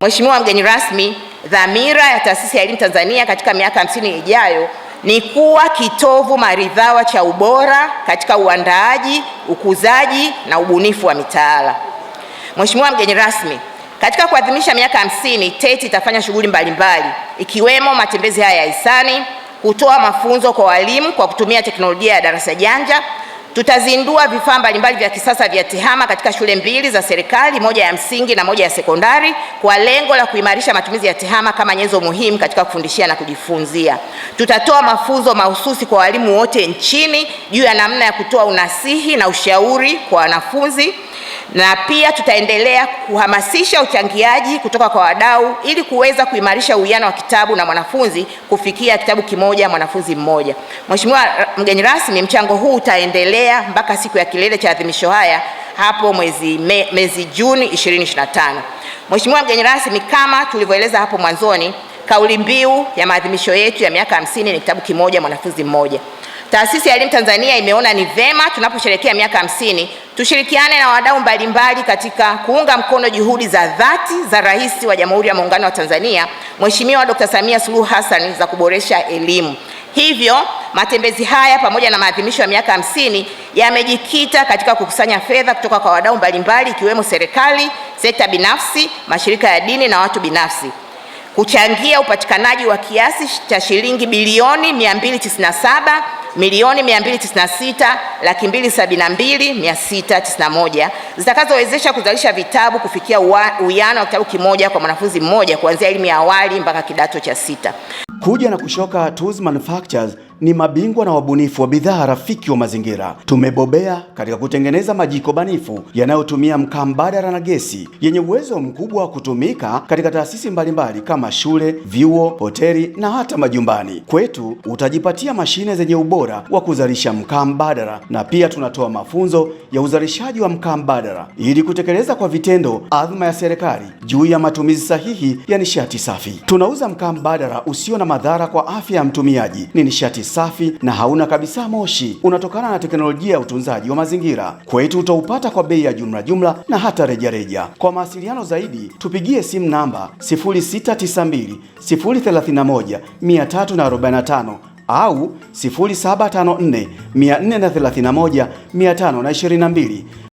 Mheshimiwa mgeni rasmi, dhamira ya Taasisi ya Elimu Tanzania katika miaka hamsini ijayo ni kuwa kitovu maridhawa cha ubora katika uandaaji, ukuzaji na ubunifu wa mitaala. Mheshimiwa mgeni rasmi, katika kuadhimisha miaka hamsini, TETI itafanya shughuli mbalimbali ikiwemo matembezi haya ya hisani, kutoa mafunzo kwa walimu kwa kutumia teknolojia ya darasa janja Tutazindua vifaa mbalimbali vya kisasa vya TEHAMA katika shule mbili za serikali, moja ya msingi na moja ya sekondari, kwa lengo la kuimarisha matumizi ya TEHAMA kama nyenzo muhimu katika kufundishia na kujifunzia. Tutatoa mafunzo mahususi kwa walimu wote nchini juu ya namna ya kutoa unasihi na ushauri kwa wanafunzi na pia tutaendelea kuhamasisha uchangiaji kutoka kwa wadau ili kuweza kuimarisha uwiano wa kitabu na mwanafunzi kufikia kitabu kimoja mwanafunzi mmoja. Mheshimiwa eh, mgeni rasmi, mchango huu utaendelea mpaka siku ya kilele cha adhimisho haya hapo mwezi, me, mwezi Juni 2025. Mheshimiwa mgeni rasmi, kama tulivyoeleza hapo mwanzoni, kauli mbiu ya maadhimisho yetu ya miaka hamsini ni kitabu kimoja mwanafunzi mmoja. Taasisi ya Elimu Tanzania imeona ni vema tunaposherehekea miaka hamsini Tushirikiane na wadau mbalimbali katika kuunga mkono juhudi za dhati za Rais wa Jamhuri ya Muungano wa Tanzania Mheshimiwa Dr. Samia Suluhu Hassan za kuboresha elimu. Hivyo matembezi haya pamoja na maadhimisho ya miaka hamsini yamejikita katika kukusanya fedha kutoka kwa wadau mbalimbali ikiwemo serikali, sekta binafsi, mashirika ya dini na watu binafsi kuchangia upatikanaji wa kiasi cha shilingi bilioni 297 milioni 296 laki mbili sabini na mbili mia sita tisini na moja zitakazowezesha kuzalisha vitabu kufikia uwiano wa kitabu kimoja kwa mwanafunzi mmoja kuanzia elimu ya awali mpaka kidato cha sita. Kuja na Kushoka Tools Manufactures ni mabingwa na wabunifu wa bidhaa rafiki wa mazingira. Tumebobea katika kutengeneza majiko banifu yanayotumia mkaa mbadala na gesi, yenye uwezo mkubwa wa kutumika katika taasisi mbalimbali kama shule, vyuo, hoteli na hata majumbani. Kwetu utajipatia mashine zenye ubora wa kuzalisha mkaa mbadala na pia tunatoa mafunzo ya uzalishaji wa mkaa mbadala ili kutekeleza kwa vitendo adhma ya serikali juu ya matumizi sahihi ya nishati safi. Tunauza mkaa mbadala usio na madhara kwa afya ya mtumiaji, ni nishati safi na hauna kabisa moshi, unatokana na teknolojia ya utunzaji wa mazingira. Kwetu utaupata kwa bei ya jumla jumla na hata rejareja reja. Kwa mawasiliano zaidi tupigie simu namba 0692 031 345 au 0754 431 522.